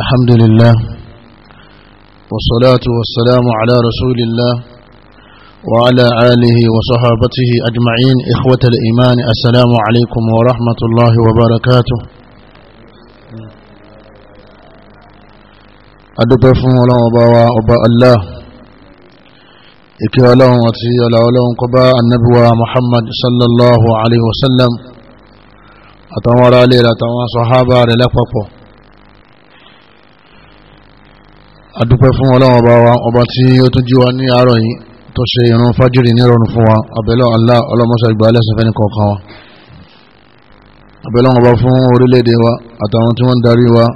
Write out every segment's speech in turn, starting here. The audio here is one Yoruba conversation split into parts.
الحمد لله والصلاة والسلام على رسول الله وعلى آله وصحابته أجمعين إخوة الإيمان السلام عليكم ورحمة الله وبركاته أدبفهم الله وباء وباء الله إكي الله وتي الله قباء النبوة محمد صلى الله عليه وسلم أتوارى لي أتوارى صحابة للأفقه adúpẹ́ fún ọlọ́run ọba wa ọba tí ó tún jí wa ní àárọ̀ yìí tó ṣe ìrun fájírì nírọ̀rùn fún wa abẹ́lọ́ Allah ọlọ́mọṣà ìgbà alẹ́sìn fẹ́ni kọ̀ọ̀kan wa abẹ́lọ́ ọba fún orílẹ̀-èdè wa àtàwọn tí wọ́n ń darí wa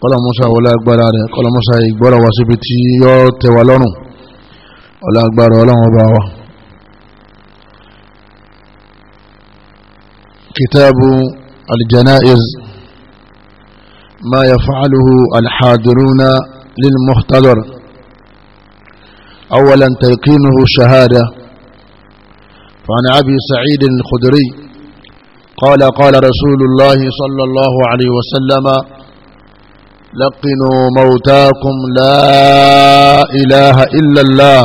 kọ́lọ́mọṣà wọlé agbára rẹ̀ kọ́lọ́mọṣà ìgbọ́rọ̀ wa síbi tí yọ́ tẹ wa lọ́rùn ọlá agbára ọlọ́run ọba wa. kitabu aljanaiz ma yafaluhu alhadiruna للمختبر أولا تلقينه شهادة فعن أبي سعيد الخدري قال قال رسول الله صلى الله عليه وسلم لقنوا موتاكم لا إله إلا الله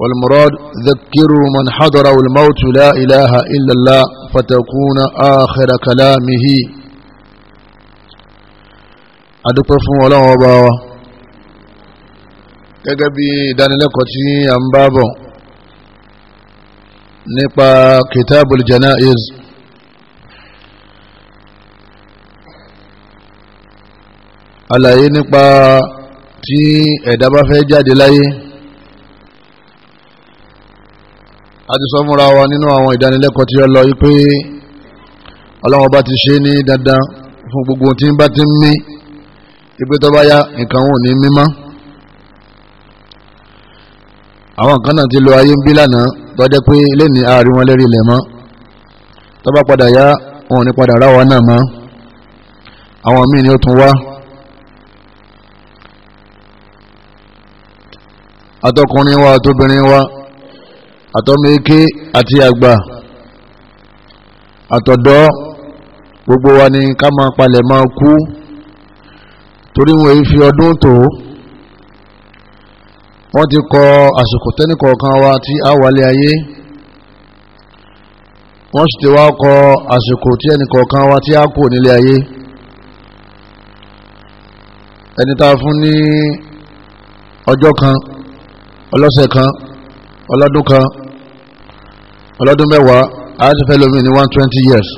والمراد ذكروا من حضروا الموت لا إله إلا الله فتكون آخر كلامه adúpẹ́ fún ọlọ́run ọba wa gẹ́gẹ́ bí ìdánilẹ́kọ̀ọ́ tí a ń bá bọ̀ nípa kitabul janaiz àlàyé nípa tí ẹ̀dá bá fẹ́ jáde láyé a ti sọ múra wa nínú àwọn ìdánilẹ́kọ̀ọ́ tí ó lọ yí pé ọlọ́run ọba ti ṣe ní dandan fún gbogbo tí ń bá ti ń mí ipe tó bá yá nǹkan wọn ò ní mímọ́ àwọn kan náà ti lo ayé ń bí lánàá tọ́jẹ́ pé lẹ́ni àárín wọn lérí ilẹ̀ mọ́ tó bá padà yá wọn ò ní padà ráwa náà mọ́ àwọn míì ni ó tún wá àtọkùnrin wa àtobìnrin wa àtọmẹ́kẹ́ àti àgbà àtọ̀dọ́ gbogbo wa ni ká máa palẹ̀ máa kú torí wọn èyí fi ọdún tó wọ́n ti kọ àsìkò tẹ́nìkọ̀ọ̀kan wa tí a wàlé ayé wọ́n sì ti wá kọ àsìkò tí ẹnìkọ̀ọ̀kan wa tí a kò nílé ayé ẹni tá a fún ní ọjọ́ kan ọlọ́sẹ̀ kan ọlọ́dún kan ọlọ́dún mẹ́wàá a ti fẹ́ ní one twenty years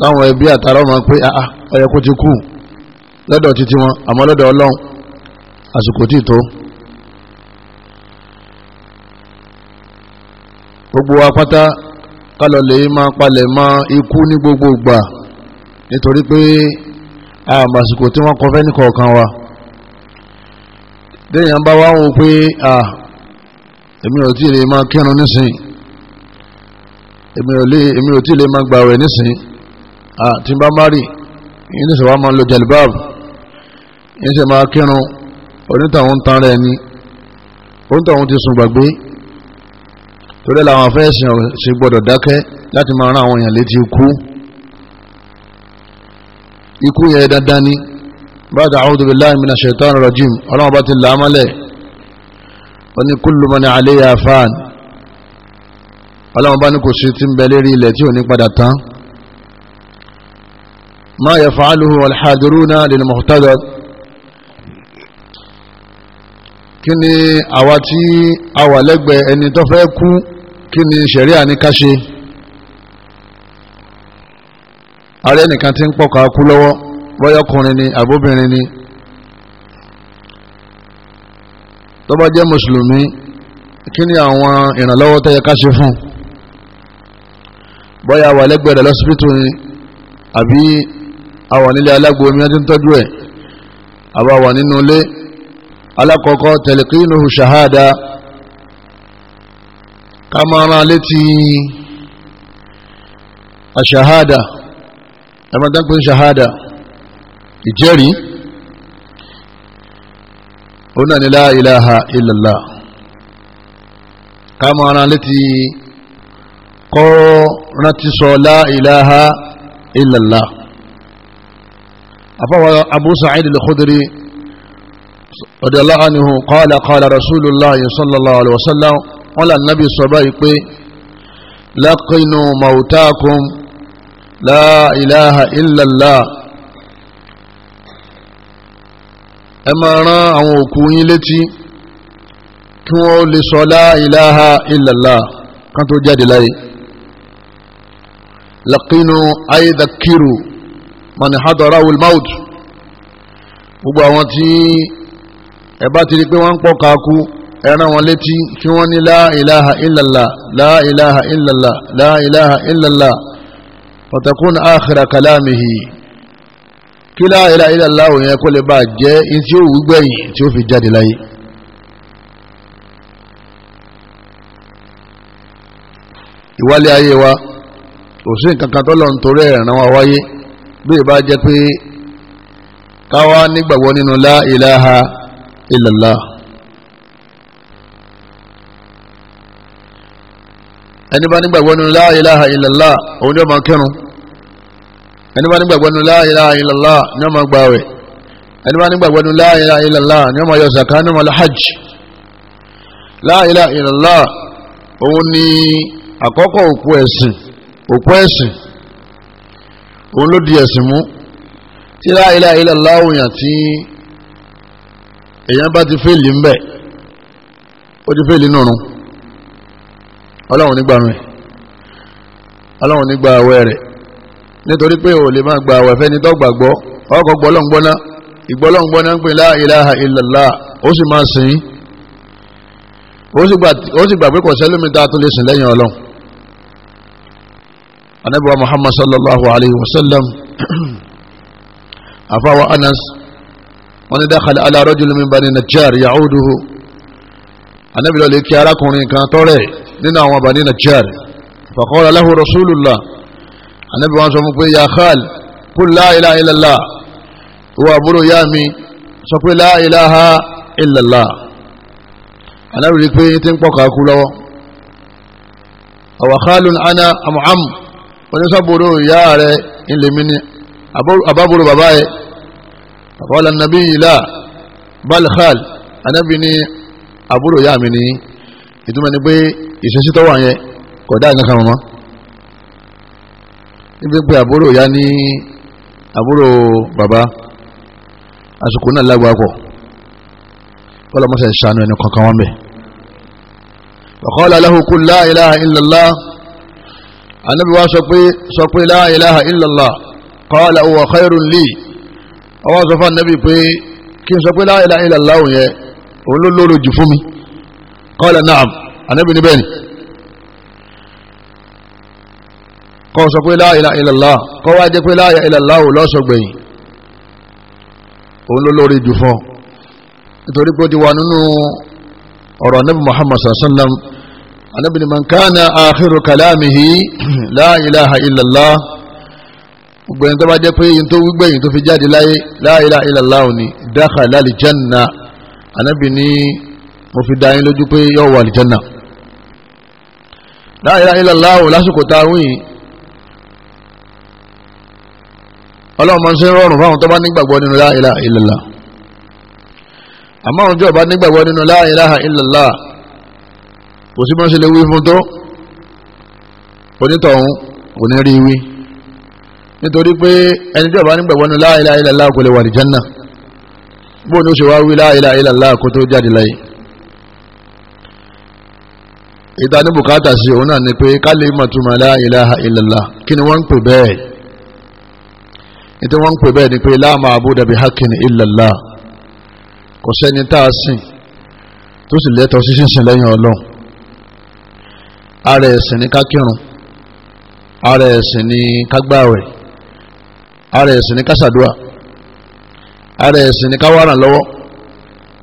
táwọn ẹbí àtàrà ọmọ pé àà ah, ọyẹ ah, kó ti kú lọ́dọ̀ títí wọn àmọ́ lọ́dọ̀ ọlọ́run àsìkò tí tó gbogbo apáta kálọ̀ lè máa palẹ̀ mọ́ ikú ní gbogbo ìgbà nítorí pé àmọ́ àsìkò tí wọ́n kọ fẹ́ nìkọ̀ọ̀kan wa déèyàn bá wá wọn pé à èmi ò tí ì lè máa kírun nísìn èmi ò tí ì lè máa gbàwẹ̀ nísìn Ah, tí n bá má rí yín ní sọ̀rọ̀ máa ń lo jalibab yín sì máa kírun onítàwọn tán rẹ̀ ni onítàwọn ti sùn gbàgbé torí làwọn afẹ́sìn ṣe gbọ́dọ̀ dákẹ́ láti máa rán àwọn èèyàn létí ikú ikú yẹn dandan ni báyìí a'udhu billahi minash shaitani rajim ọlọ́run bá ti làámálẹ̀ wọ́n ní kullu man 'alayha fan ọlọ́run bá ní kò sí ti ń bẹ lérí ilẹ̀ tí ò ní padà tán. ما يفعله الحاضرون للمهتدى kí ni àwa tí a wà lẹ́gbẹ̀ẹ́ ẹni tó fẹ́ kú kí ni ṣẹ̀ríà ní ká ṣe ààrẹ nìkan tí ń pọ̀ka kú lọ́wọ́ bọ́yọ́kùnrin ni àbóbìnrin ni tó bá jẹ́ mùsùlùmí kí àwọn ìrànlọ́wọ́ tó yẹ ká ṣe fún bọ́yá wà lẹ́gbẹ̀ẹ́ rẹ̀ lọ́sibítù ni àbí a wà nílé alágbo omi ọdún tọ́jú ẹ̀ a bá wà nínú ilé alákọ̀ọ́kọ́ tẹ̀lẹ̀kínú ṣahada ká máa rán létí aṣahada ẹ̀mọ́dánpín ṣahada ìjẹ́rìí ó náà ní la ilaha illallah ká máa rán létí kọ́ rántí sọ la ilaha أفوى أبو سعيد الخدري رضي الله عنه قال قال رسول الله صلى الله عليه وسلم قال النبي صلى الله عليه وسلم لقنوا موتاكم لا إله إلا الله أما رأى أوكوين لتي كون لصلاة إله إلا الله كنت جاد لي لقنوا أي ذكروا mani hadara wil maut gbogbo àwọn tí ẹ bá ti rí pé wọ́n ń pọ̀ káàkú ẹ rán wọn létí kí wọ́n ní la ilaha illallah la ilaha illallah la ilaha illallah wa takun akhira kalamihi kí la ilaha illallah òun yẹn kó lè bá jẹ́ in tí gbẹ̀yìn tí ó fi jáde láyé. ìwálé ayé wa òsín kankan tó lọ́n torí ẹ̀ràn wa wáyé bí ìbá jẹ́ pé káwá nígbàgbọ́ nínú la ilaha illallah ẹni bá nígbàgbọ́ nínú la ilaha illallah òun ni ó máa kírun ẹni bá nígbàgbọ́ nínú la ilaha illallah ni ó máa gbààwẹ̀ ẹni bá nígbàgbọ́ nínú la ilaha illallah ni ó máa yọ zaka ni ó hajj la ilaha illallah òun ni àkọ́kọ́ òpó ẹ̀sìn òpó ẹ̀sìn òun ló di ẹ̀sìn mú tí la ilaha illallah yàn tí èèyàn bá ti fèèlì ń bẹ̀ ó ti fèèlì nùrún ọlọ́run nígbà rẹ̀ ọlọ́run nígbà àwẹ̀ rẹ̀ nítorí pé ò lè máa gba àwẹ̀ fẹ́ni tó gbàgbọ́ ọkọ̀ gbọ́lọ́ngbọ́ná ìgbọ́lọ́ngbọ́ná ń pè la ilaha illallah ó sì máa sìn ó sì gbà pé kò sẹ́lómi tá a tún lè sìn lẹ́yìn ọlọ́run anabi wa muhammad sallallahu alayhi wa sallam afawa anas wọ́n ní dakhala ala rajulin min bani najjar ya'uduhu anabi lọ́lẹ̀ kí arákùnrin kan tọ́rẹ̀ nínú àwọn bani najjar faqala lahu rasulullah anabi wọn sọ fún pé ya khal qul la ilaha illallah wa àbúrò yá mi sọ pé la ilaha illallah anabi rí pé tí ń pọ̀ kàkú lọ́wọ́ àwàkhálùn ana amu'amu onísàbòrò ìyá rẹ̀ ilé mi ni àbábòrò bàbá yẹ àbáwọlá nàbí ìlà balhal anábì ni àbúrò ìyá mi ni ìtumọ̀ ni pé ìṣesí tó wà yẹn kò dá nǹkan kan mọ́ níbi pé àbúrò ìyá ní àbúrò bàbá àsìkò náà lágbára pọ̀ kọ́lọ́mọ́sẹ̀ ṣàánú ẹni kankan wọn bẹ̀. ọ̀kọ́ ọ̀là aláhùn la ilaha illallah anabi wa sọ pé sọ pé la ilaha illallah qala huwa khairun li ọwọ́ sọ fún anabi pé kí n sọ pé la ilaha illallah òun yẹ òun ló lóore jù fún mi qala na'am anabi ní bẹ́ẹ̀ ni kọ́ sọ pé la ilaha illallah kọ́ wá jẹ́ pé la ilaha lọ́sọ̀gbẹ̀yìn òun jù fún nítorí pé ó ti wà nínú ọ̀rọ̀ anabi muhammad sallallahu alaihi wa sallam. Ànábì ní man kana akhiru kalamihi la ilaha illallah gbogbo ẹni tó bá jẹ́ pé yìí tó wígbẹ̀yìn tó fi jáde láyé la ilaha illallah ni dakhala al-janna Ànábì ní mo fi dá yín lójú pé yóò wà al-janna la ilaha illallah lásìkò táwọn yìí ọlọ́run máa ń ṣe rọrùn fáwọn tó bá nígbàgbọ́ nínú la ilaha illallah àmọ́ àwọn tó bá nígbàgbọ́ nínú la ilaha illallah kò sí bá ṣe lè wí fún tó onítọ̀hún kò ní rí wí nítorí pé ẹni tí ọba nígbàgbọ́ ní la ilaha illallah kò lè wà ní Janna bó ni ó ṣe wá wí la ilaha illallah kó tó jáde láyé ìta ní bùkátà sí òun náà ni pé ká lè mọ̀ túmọ̀ la kí ni wọ́n ń pè bẹ́ẹ̀ ìtí wọ́n ń pè bẹ́ẹ̀ ni pé la ma'buda bihaqqin illallah kò sẹ́ni tá a sìn tó sì lẹ́tọ̀ọ́ sí lẹ́yìn Ọlọ́run ara ẹ̀sìn ní kákírun ara ẹ̀sìn ní kágbáwẹ̀ ara ẹ̀sìn ní kásàdúà ara ẹ̀sìn ní káwárà lọ́wọ́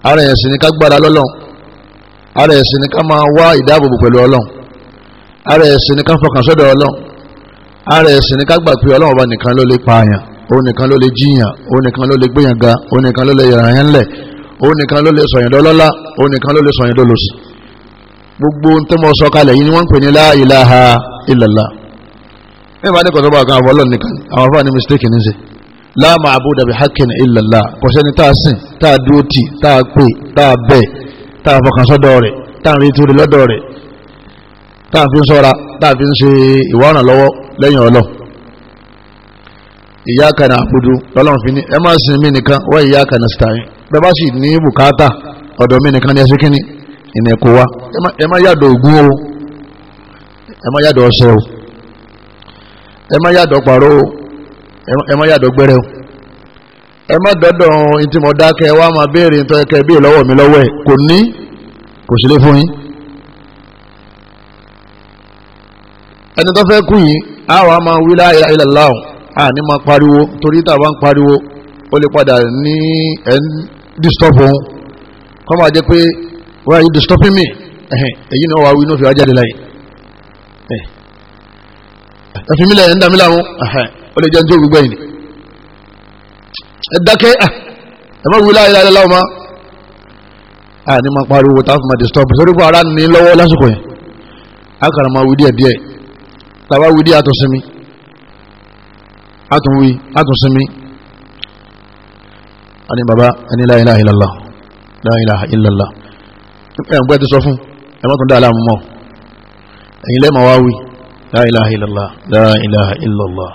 ara ẹ̀sìn ní kágbára lọ́lọ́n ara ẹ̀sìn ní ká máa wá ìdáàbòbò pẹ̀lú ọlọ́n ara ẹ̀sìn ní ká fọkàn sọ́dọ̀ ọlọ́n ara ẹ̀sìn ní ká gbà pé ọlọ́run ọba nìkan ló lè pààyàn òun nìkan ló lè jiyàn òun nìkan ló lè gbéyàn ga òun nìkan ló lè yàrá yẹn lẹ̀ òun nìkan ló lè sọ̀yìn dọ́lọ́lá òun nìkan ló lè sọ̀yìn dọ́lọ́sì gbogbo ń tẹ́mọ̀ sọ kalẹ̀ yìí ni wọ́n ń pè ní la ilaha illallah nígbà ní kọ̀tọ́ bá kan àwọn ọlọ́ọ̀ nìkan àwọn afáà ní mistake ní ṣe la ma'buda bihaqqin illallah kò sẹ́ni tá a sìn tá a dúró tì tá a pè tá a bẹ̀ tá a fọkàn sọ́dọ̀ rẹ̀ tá a rí torí lọ́dọ̀ rẹ̀ tá a fi ń sọ́ra tá fi ń ṣe ìwárà lọ́wọ́ lẹ́yìn ọlọ́ iyyaka na'budu lọ́lọ́run fi wa iyyaka nasta'in bẹ́ẹ̀ bá sì ní bùkátà ọ̀dọ̀ mí nìkan ìnà ẹ̀kọ́ wa ẹ má yàdọ̀ ògùn o ẹ má yàdọ̀ ọṣẹ o ẹ má yàdọ̀ pàrọ̀ o ẹ má yàdọ̀ gbẹrẹ o ẹ má dọ́dọ̀ wa máa béèrè ntọ́ ẹ̀kẹ́ bí lọ́wọ́ mi lọ́wọ́ ẹ̀ kò ní kò sí fún yín. ẹni tó fẹ́ kú yìí máa wí a ní máa pariwo torí tá a ń pariwo ó lè padà ní ẹ̀ e ń disturb òun kọ́ máa pé why are you disturbing me èyí ni wọ́n wá wí ní òfin ajáde láyé ẹ̀fìn mi lẹ̀ ń dàmí láwọn ó lè jẹ́ ní tó gbogbo ẹ̀yìn ẹ dákẹ́ ẹ má wí láyé láyé láwọn máa a ní máa pariwo tá a fi máa disturb sórí fún ara ní lọ́wọ́ lásìkò yẹn a kàrà máa wí díẹ̀ díẹ̀ tàbá wí díẹ̀ àtún sinmi àtún wí àtún sinmi a ní baba a ní la ilaha illallah la ilaha illallah ẹ̀gbẹ́ ti sọ fún ẹ̀mọ́tún dá aláàmú mọ́ ẹ̀yìn lẹ́mọ̀ wá wí la ilaha illallah la ilaha illallah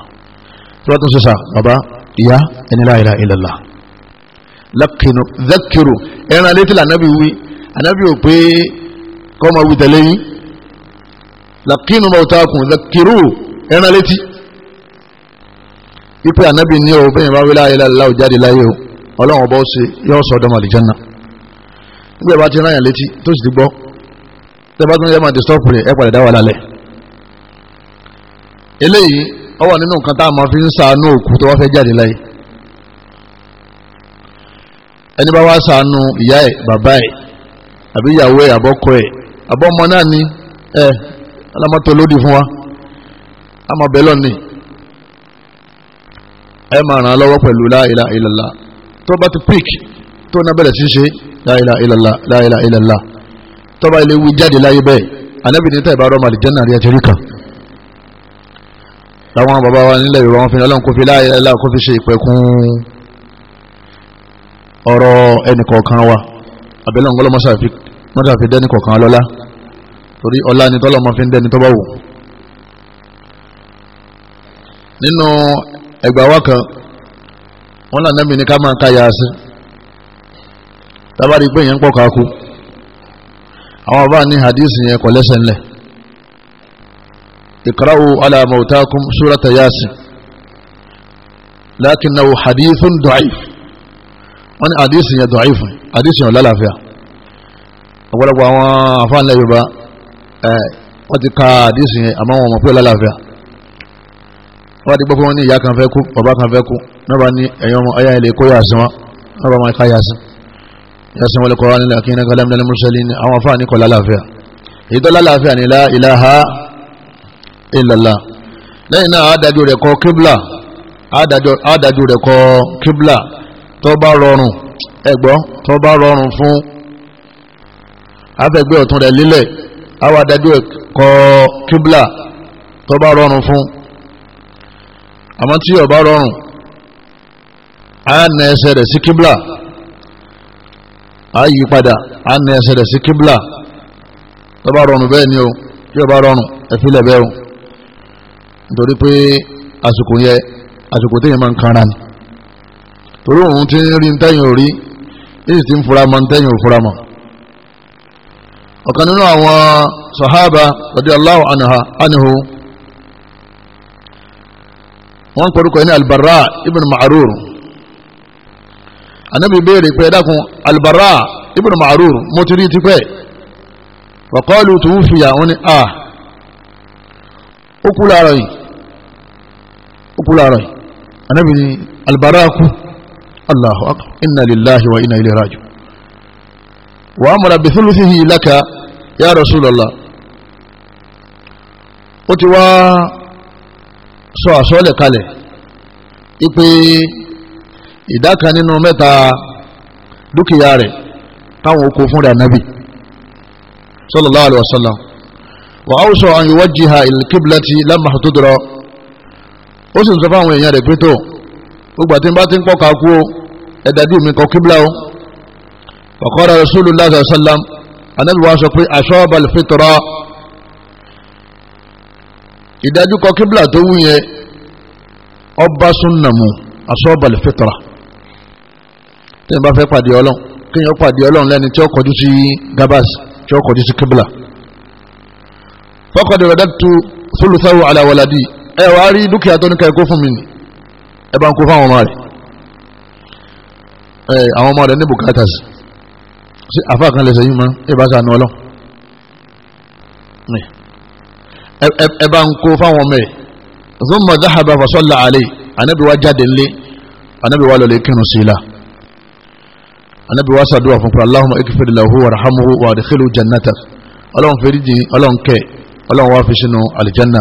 tọ́tún sọ́sà bàbá ìyá ẹni la ilaha illallah lákìnnù zakiru ẹran létí lànàbí wí ànàbí ò pé kọ́ máa wí tẹ̀lé yín lákìnnù mọ̀tàkùn bí ẹ bá ti ráyàn létí tó sì ti gbọ́ tẹ bá tún yẹ máa ti sọ́ọ̀pù rẹ̀ ẹ padà dá wà lálẹ́ eléyìí ó wà nínú nǹkan tá a máa fi ń ṣàánú òkú tó wá fẹ́ jáde láyé ẹni bá wá ṣàánú ìyá ẹ̀ bàbá ẹ̀ àbí ìyàwó ẹ̀ àbọ́kọ ẹ̀ àbọ́mọ náà ni ẹ alámọ́tò lódì fún wa a máa bẹ̀ lọ́nìí ẹ máa ràn án lọ́wọ́ pẹ̀lú la tó bá ti pík tó náà bẹ̀rẹ̀ sí la ilaha illallah la ilaha illallah tọ́ba ilé wí jáde láyé bẹ́ẹ̀ anábì ní tẹ́ẹ̀ bá rọ́ màlì jẹ́nà rí ẹtì rí kan làwọn bàbá wa nílẹ̀ yorùbá wọn fi ọlọ́run kó fi la ilaha fi ṣe ìpẹ̀kun ọ̀rọ̀ ẹnìkọ̀ọ̀kan wa àbẹ̀lẹ̀ ọ̀ngọ́lọ́ mọ́ṣá fi mọ́ṣá fi dẹ́ni kọ̀ọ̀kan lọ́lá torí ọlá ni tọ́lọ́ mọ́ fi ń dẹ́ni tọ́bọ̀ wò nínú ẹgbàá wa kan wọn là nẹ́mi ní ká máa ka yàá sí tábàrí pé yẹn ń pọ̀ka kú àwọn àbá ní hadisi yẹn kò lẹ́sẹ̀ ikra'u ala surata yasin lakinnahu hadithun da'if wọ́n ní hadisi yẹn da'if hadisi yẹn lálàáfíà ọ̀pọ̀lọpọ̀ àwọn àfáànlẹ̀ yorùbá ẹ̀ wọ́n ti ka hadisi yẹn àmọ́ wọn mọ̀ pé lálàáfíà wọ́n ti gbọ́ pé wọ́n ní ìyá kan fẹ́ kú bàbá kan fẹ́ kú náà bá ní ẹ̀yọ́ ọmọ kó yà sí wọn yasin wal Qur'an lakina kalam dal mursalin àwọn afa ni kò lálàáfíà èyí tó lálàáfíà ni la ilaha illallah lẹ́yìn náà adájú rẹ̀ kọ kíbla adájú rẹ̀ kọ kíbla tó bá rọrùn ẹgbọ́ tó bá rọrùn fún afẹ́gbẹ́ ọ̀tún rẹ̀ lílẹ̀ àwọn adájú rẹ̀ kọ kíbla tó bá rọrùn fún àmọ́ tí ó bá rọrùn á nà ẹsẹ̀ rẹ̀ sí kíbla á yí padà á ní ẹsẹ̀ rẹ̀ sí kíbla tó bá rọrùn bẹ́ẹ̀ ni o tí ó bá rọrùn ẹ̀fílẹ̀ bẹ́ẹ̀ o nítorí pé àsìkò yẹ àsìkò téèyàn máa ń kanra ni torí òun ti ń rí ntẹ́yìn òrí èyí ti ń fura mọ́ ntẹ́yìn ò fura ọ̀kan nínú àwọn sahaba radiyallahu anhu wọ́n ń pẹ̀lú kọ́ ní albarra ibn ma'rur anabi béèrè pé ẹ̀dákun albara ibn ma'rur mo ti rí tipẹ́ faqalu tuwufiya wọn ni a ó kú láàárọ̀ yìí ó kú láàárọ̀ yìí anabi ni albara kú allahu akbar inna lillahi wa inna ilayhi raji'un wa amara bi thuluthihi laka ya rasulallah ó ti wá sọ àsọ́lẹ̀ kalẹ̀ ipe ìdá kan nínú mẹ́ta dúkìá rẹ̀ táwọn oko fúnra nábì sallallahu alaihi wasallam wa awsa an yuwajjiha ila al-qiblati lamma tudra ó sì ń sọ fáwọn èèyàn rẹ̀ pé tó gbogbo àti bá ti ń pọ́ka kú ó ẹ̀dàdú mi kọ kíbla ó wa qala rasulullah sallallahu alaihi wa sọ pé asaba al-fitra ìdájú kọ kíbla tó wù yẹn ọba súnnà mu asaba al tí wọ́n bá fẹ́ pàdé ọlọ́run kí wọ́n pàdé ọlọ́run lẹ́ni tí ó kọjú sí gabas tí ó kọjú sí kíbla. faqad radadtu thuluthahu ala waladi ẹ wá rí dúkìá tó ní ká ẹ kó fún mi ni ẹ bá ń kó fáwọn ọmọ rẹ ẹ àwọn ọmọ rẹ ní bùkátà sí sí àfa kan lẹsẹ yìí mọ ẹ bá sànú ọlọ ẹ bá ń kó fáwọn ọmọ rẹ thumma dhahaba fa salla alayhi jáde ńlẹ ànábì lọlẹ kírun sí la anabi wa sàdúrà fún pé allahumma ikfir lahu warhamhu wa adkhilu jannatak ọlọ́run fèrè jìn ọlọ́run kẹ ọlọ́run wá fi sínú alìjánná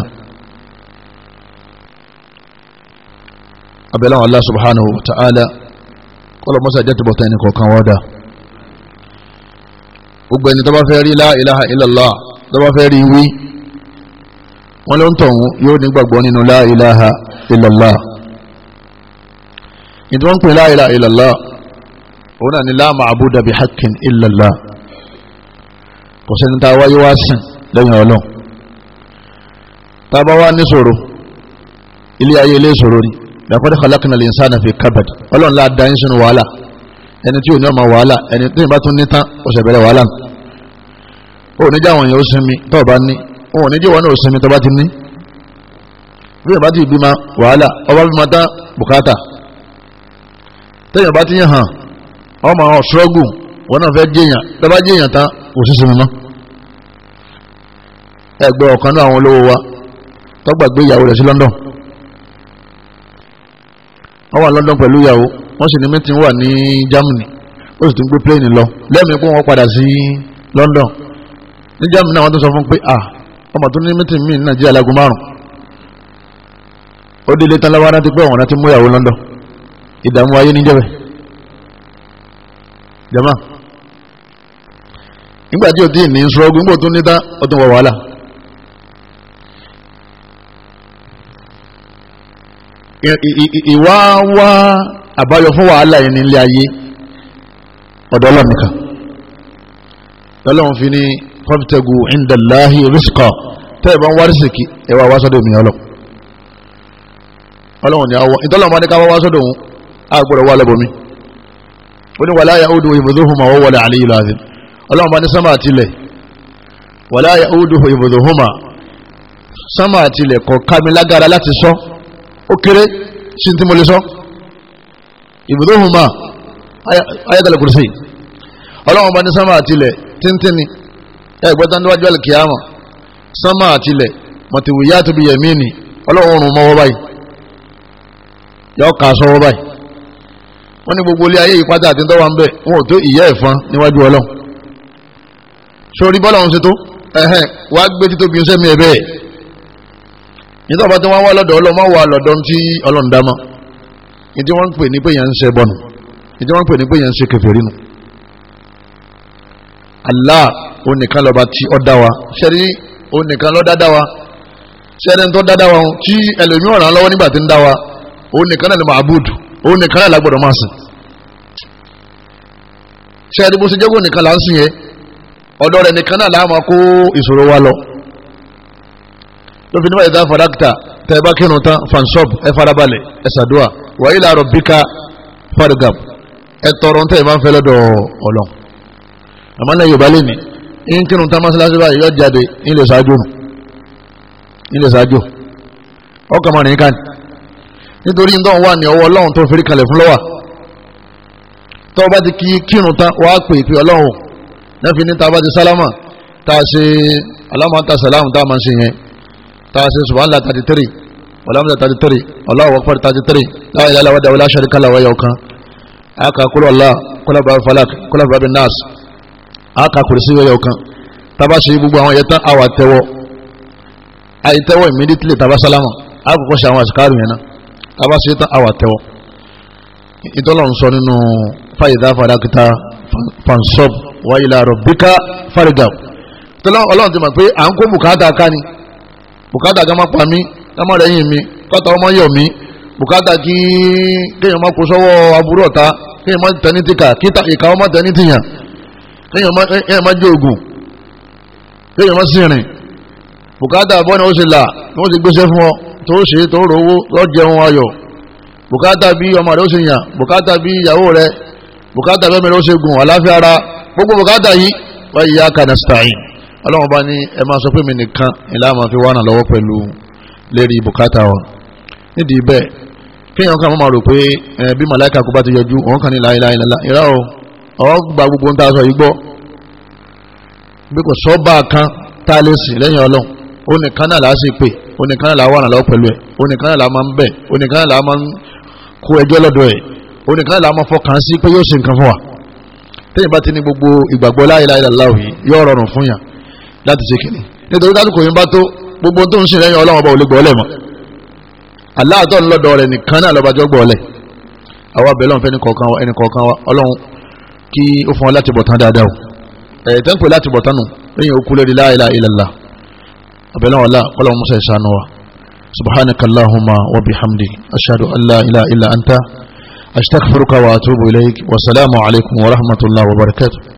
abẹ́lẹ́ Allah subhanahu wa ta'ala kọ́lọ̀ mọ́sá jẹ́ tìbọ̀tà ẹni kọ̀ọ̀kan wọ́n dá gbogbo ẹni tó bá fẹ́ rí la ilaha illallah tó bá fẹ́ rí wí wọ́n ló ń tọ̀hún yóò nígbàgbọ́ nínú la ilaha illallah ìdí ń pè la ilaha illallah òun náà ni la ma'buda bi haqqin illa Allah kò sẹ́ni tá a wáyé wá sìn lẹ́yìn ọlọ́run tá a bá wá ní ṣòro ilé ayé ilé ṣòro ni laqad khalaqnal insana fi kabad ọlọ́run láà dá yín sínú wàhálà ẹni tí ò ní ọmọ wàhálà ẹni tí ìbá tún ní tán ó sì bẹ̀rẹ̀ wàhálà òun níjà àwọn èèyàn ó sinmi tó bá ní òun níjà wọn ó sinmi tó bá ti ní bí ìbá ti bímọ wàhálà ọba bímọ tán bùkátà tẹ́yìn ọba ti yẹn hàn ọmọ àwọn ṣọ́gù wọn náà fẹ́ jẹyàn lọ́ba jẹyàn tán òṣìṣẹ́ mímọ́ ẹgbẹ́ ọ̀kan náà àwọn olówó wa tọ́gbà gbé ìyàwó rẹ̀ sí London wọ́n wà London pẹ̀lú ìyàwó wọ́n sì ní mẹ́tìn wà ní Germany ó sì ti ń gbé plane lọ lẹ́mìí pé wọ́n padà sí London ní Germany náà wọ́n tó sọ fún pé ah ọmọ tó ní mẹ́tìn míì ní Nàìjíríà lago márùn ó délé tán láwọn aná ti pé ọ̀hún aná mú ìyàwó London ìdààmú ayé níjẹ́ bẹ́ẹ̀. jama nígbàtí o ti ní sọ́ọ́gùn nígbà tó ní dá ọdún wà wàhálà ìwà wá àbáyọ fún wàhálà yìí nílé ayé ọ̀dọ̀ Ọlọ́run nìkan fi ní pọ́pítẹ́gù ìndàláhì rísíkà tẹ́ẹ̀ bá ń wá rísíkì wá sọ́dọ̀ òmìnira ni àwọn ó ní wàlá ya'udu ibùdóhùnmá wọ́n wọlé àlíyù láàzim ọlọ́run bá ní sánmà àtilẹ̀ wàlá ya'udu ibùdóhùnmá sánmà àtilẹ̀ kọ̀ kámi lágara láti sọ ó kéré sí ti mo lè sọ ibùdóhùnmá ayatul kursi ọlọ́run bá ní sánmà àtilẹ̀ tíntìnì ẹgbẹ́ta níwájú alìkìyàmọ̀ sánmà àtilẹ̀ mọ̀tìwìyà tó yẹ̀mí wọ́n ní gbogbo ilé ayé ìpátá àti tọ́wà ń bẹ̀ wọn ò tó ìyá ẹ̀fọn níwájú ọlọ́run sórí bọ́lá òun ṣe tó ẹ̀hẹ́n wà á gbé títóbi iṣẹ́ mi ẹ̀bẹ́ nítorí bá tí wọ́n wá lọ́dọ̀ ọlọ́run wọ́n wà lọ́dọ̀ tí ọlọ́run dá mọ́ ìdí wọ́n ń pè ní pé yẹn ń ṣe bọ́nu ìdí wọ́n ń pè ní pé yẹn ń ṣe kèfèrí nù Allah onìkan lọ́ba tí ó dá wa ṣẹ́rí onìkan ló dá dá wa ṣẹ́rí tó dá dá wa tí ẹlòmíràn lọ́wọ́ nígbà tí ń dá wa onìkan náà ni màbúdù òun nìkan láì lágbọ́dọ̀ máa sìn ṣé ẹni bó ṣe jẹ́gbọ́n nìkan là ń sìn yẹn ọ̀dọ̀ rẹ̀ nìkan náà láàmú kó ìṣòro wa lọ lófin nígbà ìdá fàdákítà tẹ bá kírun tán fansop ẹ farabalẹ̀ ẹ ṣàdúrà wa ila rabbika fargab ẹ tọrọ ń tẹ ẹ máa ń fẹ́ lọ́dọ̀ Ọlọ́run àmọ́ náà Yorùbá lè ní ń kírun tán mọ́ṣáláṣí báyìí yọ jáde ń lè ṣáájú ń lè ṣáájú ọkọ̀ ni nítorí ń dán wà ní ọwọ́ ọlọ́run tó fi kalẹ̀ fún lọ́wà tó bá ti kí kírun tán wà á pè pé ọlọ́run náà fi ní ta bá ti sálámà tá a ṣe aláma ta sàlámù tá a máa ṣe yẹn tá a ṣe subhanallah thirty three wàlámùdá thirty three Allahu akbar thirty three láwọn ilé aláwọ̀dà wọlé aṣọ àríkàlà wáyà ọ̀kan aka kúrò ọ̀la kúlọ̀ bàbá falak kúlọ̀ bàbá nas aka tàbá ṣe tán àwà tẹ́wọ́ ìtọ́lọ̀ ń sọ nínú fàyídá fàdákítà fansọ́b wáyé láàrọ̀ bíkà fàrígà tọ́lọ́ ọlọ́run ti mọ̀ pé à ń kó bùkátà ká ni bùkátà ká má pa mí ká má rẹ̀ yìn mí kọ́tà ọmọ yọ̀ mí bùkátà kí kéèyàn má kó sọ́wọ́ aburú ọ̀tá kéèyàn má tẹ̀ ní tìkà kí ìka ọmọ tẹ̀ tìyàn kéèyàn má jẹ ògùn kéèyàn má sìnrìn bùkátà bọ́ni ó ṣe là ni wọ́n ti gbéṣẹ́ fún ọ tó ṣe tó rówó lọ́jẹun ayọ̀ bùkátà bí ọmọ rẹ ó ṣe yàn bùkátà bí ìyàwó rẹ bùkátà bẹ́ẹ̀ mẹ́rin ó ṣe gùn àláfíà ara gbogbo bùkátà yìí wa ya nasta'in ọlọ́run bá ní ẹ máa sọ pé mi nìkan ìlà máa fi lọ́wọ́ pẹ̀lú lérí bùkátà nídìí bẹ́ẹ̀ kan ti yọjú òun kàn ní onìkan náà làá sì pè onìkan náà làá wà nàlọ́ pẹ̀lú ẹ̀ onìkan náà làá bẹ̀ onìkan náà làá kó ẹjọ́ lọ́dọ̀ ẹ̀ onìkan náà làá fọkàn sí pé yóò ṣe nǹkan fún wa tẹ́yìn bá ti ní gbogbo ìgbàgbọ́ la ilaha illallah yìí yóò rọrùn fún yàn láti ṣe kìnnì nítorí dásìkò yìí bá tó gbogbo tó ń ṣe lẹ́yìn ọlọ́run ọba ò lè gbọ́lẹ̀ mọ́ aláàtọ̀ ńlọ́dọ̀ rẹ̀ nìkan náà lọ́bàjọ́ gbọ́lẹ̀ àwa bẹ̀ lọ́n fẹ́ ní kọ̀ọ̀kan wa ẹni kọ̀ọ̀kan wa ọlọ́run kí ó fún ọ láti bọ̀ tán dáadáa أبلغ لا قل موسى سانوا سبحانك اللهم وبحمدك أشهد أن لا إله إلا أنت أستغفرك وأتوب إليك والسلام عليكم ورحمة الله وبركاته